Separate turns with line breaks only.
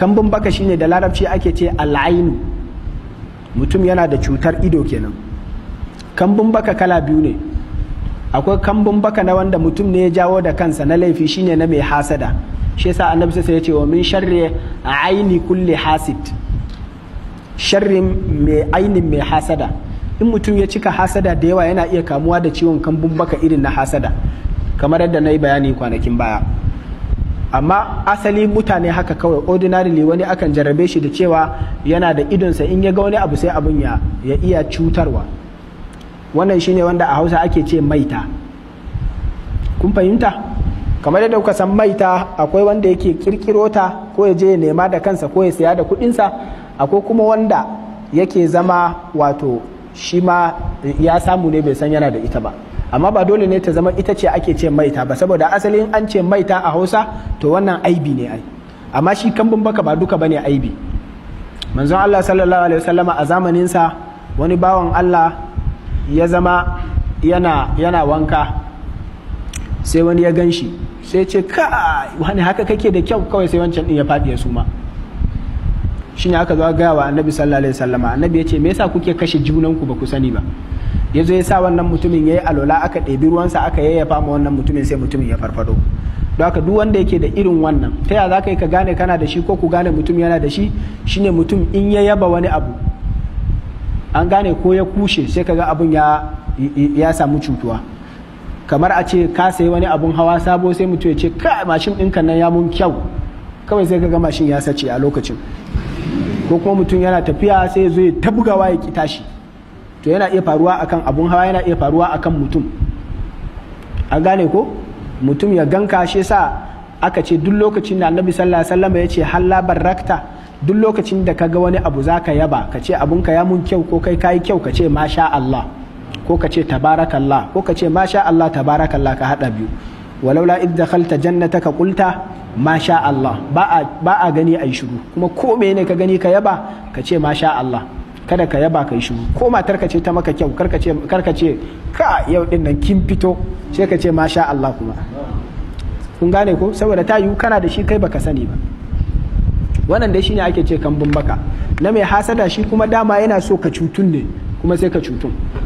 kambun baka shine da larabci ake ce al'ainu mutum yana da cutar ido kenan kambun baka kala biyu ne akwai kambun baka na wanda mutum ne ya jawo da kansa na laifi shine na mai hasada shi yasa annabi sai ya ce wa min sharri aini kulli hasid sharrin mai ainin mai hasada in mutum ya cika hasada da yawa yana iya kamuwa da ciwon kambun baka irin na hasada kamar yadda na yi bayani kwanakin baya amma asali mutane haka kawai ordinarily wani akan jarrabe shi da cewa yana da idonsa in ya ga wani abu sai abun ya iya cutarwa wannan shine wanda a hausa ake ce maita kun fahimta kamar yadda kuka san maita akwai wanda yake kirkiro ta ko ya je ya nema da kansa ko ya saya da kudinsa akwai kuma wanda yake zama wato shi ma ya samu ne bai san yana da ita ba amma ba dole ne ta zama ita ce ake ce maita ba saboda asalin an ce maita a hausa to wannan aibi ne ai amma shi kambun baka ba duka bane aibi manzon Allah sallallahu alaihi wasallama a zamanin sa wani bawan Allah ya zama yana wanka sai wani ya ganshi sai ce ka wani haka kake da kyau kawai sai wancan din ya fadi ya suma shine aka zo gaya wa annabi sallallahu alaihi wasallama annabi ya ce me yasa kuke kashe junanku ba ku sani ba ya zo ya sa wannan mutumin ya yi alola aka ɗebi ruwansa aka yayyafa ma wannan mutumin sai mutumin ya farfado don haka duk wanda yake da irin wannan ta ya za ka yi ka gane kana da shi ko ku gane mutum yana da shi shine mutum in ya yaba wani abu an gane ko ya kushe sai ka ga abun ya samu cutuwa kamar a ce ka sayi wani abun hawa sabo sai mutum ya ce ka mashin ɗinka nan ya mun kyau kawai sai ka ga mashin ya sace a lokacin ko kuma mutum yana tafiya sai ya zo ya ya ki tashi to yana iya faruwa akan abun hawa yana iya faruwa akan mutum a gane ko mutum ya ganka shi sa aka ce duk lokacin da annabi sallallahu alaihi wasallam ya ce halla barakta duk lokacin da kaga wani abu zaka yaba ka ce abun ka ya mun kyau ko kai kai kyau ka ce masha Allah ko ka ce tabarakallah ko ka ce masha Allah tabarakallah ka hada biyu walaula id dakhalta jannataka qulta masha Allah ba a ba a gani ai shiru kuma ko me ne ka gani ka yaba ka ce masha Allah kada ka yaba ka yi shiru ko matar ka ce ta maka kyau kar ka ce ka yau din nan kin fito sai ka ce masha Allah kuma kun gane ko saboda ta yiwu kana da shi kai baka sani ba wannan dai shine ake ce kambun baka na mai hasada shi kuma dama yana so ka cutun ne kuma sai ka cutun